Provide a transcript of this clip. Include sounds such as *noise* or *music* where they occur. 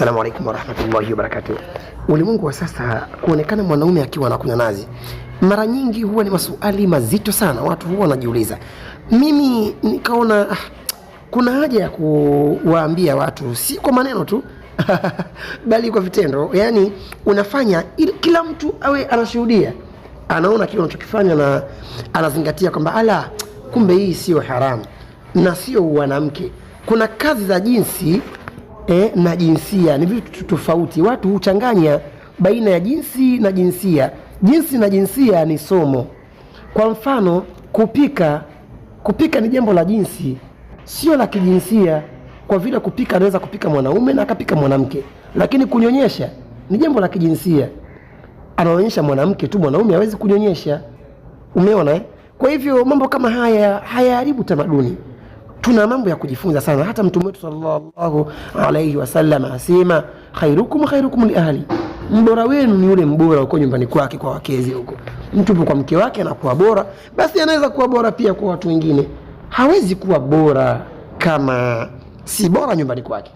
Assalamu alaikum warahmatullahi wabarakatuh. Ulimwengu wa sasa, kuonekana mwanaume akiwa anakunywa nazi mara nyingi huwa ni masuali mazito sana, watu huwa wanajiuliza. Mimi nikaona ah, kuna haja ya kuwaambia watu, si kwa maneno tu *laughs* bali kwa vitendo. Yaani unafanya ili kila mtu awe anashuhudia, anaona kile unachokifanya na anazingatia kwamba ala, kumbe hii siyo haramu na sio wanamke Kuna kazi za jinsi e, na jinsia ni vitu tofauti. Watu huchanganya baina ya jinsi na jinsia. Jinsi na jinsia ni somo. Kwa mfano, kupika, kupika ni jambo la jinsi, sio la kijinsia, kwa vile kupika anaweza kupika mwanaume na akapika mwanamke, lakini kunyonyesha ni jambo la kijinsia, anaonyesha mwanamke tu, mwanaume hawezi kunyonyesha. Umeona eh? Kwa hivyo mambo kama haya hayaharibu tamaduni tuna mambo ya kujifunza sana. Hata mtume wetu sallallahu alaihi wasallam asema khairukum khairukum li ahli, mbora wenu ni yule mbora uko nyumbani kwake kwa wakezi huko. Mtu kwa mke wake anakuwa bora, basi anaweza kuwa bora pia kwa watu wengine. Hawezi kuwa bora kama si bora nyumbani kwake.